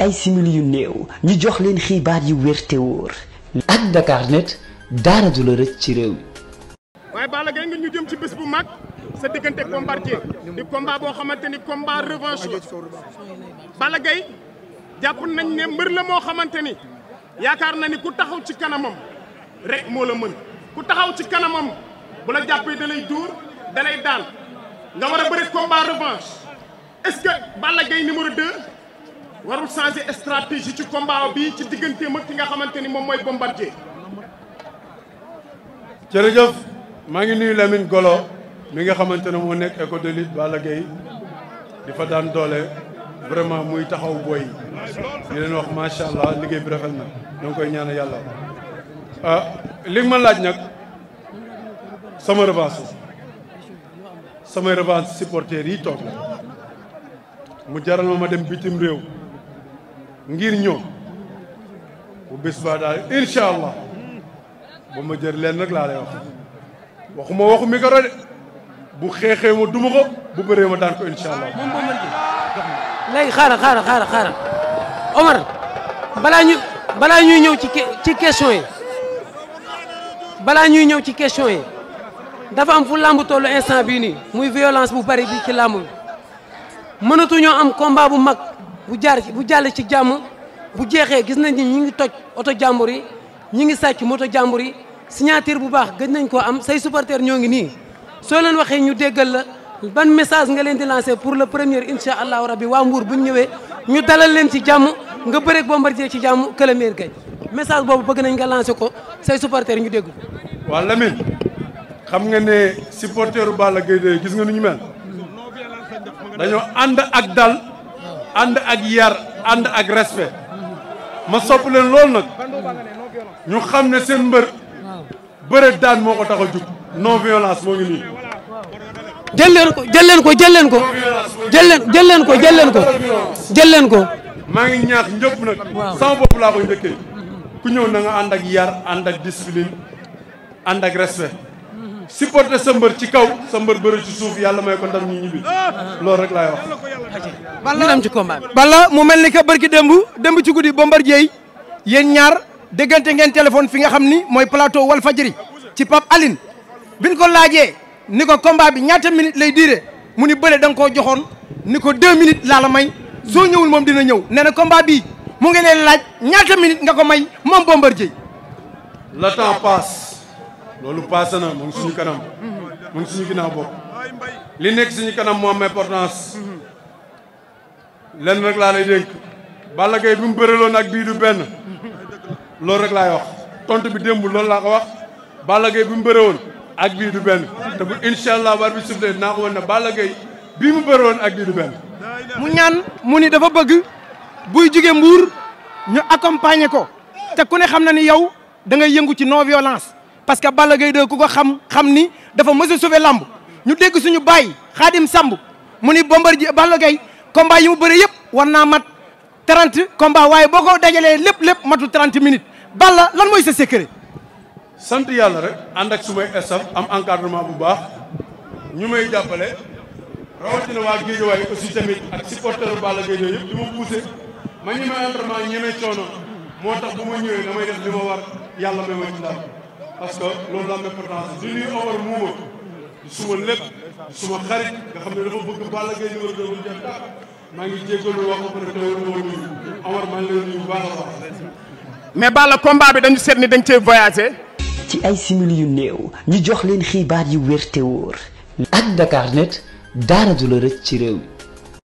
ay simili ñu jox leen xibaar yu wér te wóor. ak Dakarnet daara du ci réew mi. waaye Balla Gaye ñu jëm ci bés bu mag sa diggante Bombardier di boo xamante ni combat revanche la Balla Gaye jàpp nañ ne mbër la moo xamante ni yaakaar na ni ku taxaw ci kanamam rek moo la mën ku taxaw ci kanamam bu la jàppee da lay dóor da nga war a bëri combat revanche est-ce que Balla Gaye warul changer stratégie ci combat bi ci digganteem ak ki nga xamante ni moom mooy bombardier. maa ngi nuyu Lamine Golo mi nga xamante ne moo nekk école de lutte Balla Gaye di fa daan doole vraiment muy taxaw booy yi leen wax macha allah liggéey bi rafet na danga koy ñaanal yàlla. ah ma laaj nag sama revanche samay revanche supporters yi toog mu jaral ma ma dem bitim réew. ngir ñoom bu bés ba allah ba ma jër leen nag laa lay wax waxuma waxu micro de bu xeexee ma duma ko bu bëree ma daan ko allah. moom moom léegi xaaral Omar balaa ñu balaa ñuy ñëw ci ci question yi balaa ñuy ñëw ci question yi dafa am fu làmb tollu instant bii nii muy violence bu bari bi ci làmb am combat bu mag. bu jaar bu jàll ci jàmm bu jeexee gis nañ ni ñi ngi toj oto jàmbur yi ñi ngi sàcc moto jàmbur yi signature bu baax gën nañ ko am say supporters ñoo ngi nii soo leen waxee ñu déggal la ban message nga leen di lancé pour le premier incha allahu rabbi waa Mbour bu ñu ñëwee ñu dalal leen ci jàmm nga bëreeg Bombardier ci jàmm que le meilleur message boobu bëgg nañ nga lancé ko say supporters ñu dégg ko. waaw Lamine xam nga ne supporteru Balla Gaye gis nga nu ñu mel dañoo ànd ak dal. ànd ak yar ànd ak respect ma sopp leen loolu nag ñu xam ne seen mbër bëre daan moo ko tax a jug non violence moo ngi nii. jël leen ko jël leen ko jël leen ko. jël leen jël leen ko jël leen ko leen ko. maa ngi ñaax ñëpp nag. sama bopp laa koy njëkkee ku ñëw na nga ànd ak yar ànd ak discipline ànd ak respect. supporter sa mbër ci kaw sa mbër bëri ci suuf yàlla may ko ndam ñu ñibbi loolu rek laay wax. ñu dem ci combat bala mu mel ni ka barki démb démb ci di guddi Bombardier yéen ñaar déggante ngeen téléphone fi nga xam ni mooy plateau wal fajiri ci Pape Aline biñ ko laajee ni ko combat bi ñaata minutes lay diire mu ni bële danga nga koo joxoon ni ko deux minutes laa la may soo ñëwul moom dina ñëw nee na combat bii mu ngi leen laaj ñaata minutes nga ko may moom Bombardier. le temps passe. loolu paase na mu ngi kanam moom ngi suñu ginnaaw bopp li nekk suñu kanam moom am importance lenn rek laa lay dénk Balla Gaye bi mu bëreeloon ak bii du benn loolu rek laay wax tontu bi démb loolu laa ko wax Balla Gaye bi mu bëreewoon ak bii du benn te bu incha allah war bi suflee naa ko woon ne Balla Gaye mu bëreewoon ak bii du benn mu ñaan mu ni dafa bëgg buy jóge mbuur ñu accompagner ko te ku ne xam na ni yow da yëngu ci non violence parce que Balla gay 2 ku ko xam xam ni dafa mës a làmb ñu dégg suñu baay Xaadim Samb mu ni Bombardier Balla Gaye combat yi mu bëre yëpp war naa mat trent combat waaye boo ko dajalee lépp lépp matu 30 minutes Balla lan mooy sa secret. sant yàlla rek ànd ak sumay staff am encadrement bu baax ñu may jàppale rawatina waa Guédiawaye aussi tamit ak supporteru Balla Gaye 2 yëpp ma poussé ma ñemee entraînement ñemee coono moo tax bu ma ñëwee damay def yàlla parce que loolu am importance li ñuy Omar Mouma di suma lépp di suma xarit nga xam ne dafa bëgg Balla Gaye numéro 2 bu jeex tàkk maa ngi jéggalu wax ko ne tey woon nuyu Omar maa ngi lay nuyu bu baax a baax mais Balla combat bi dañu seet ni dañ cee voyagé ci ay simili yu néew ñu jox leen xibaar yu wér te wóor ak Dakarnet dara du la rëcc ci réew mi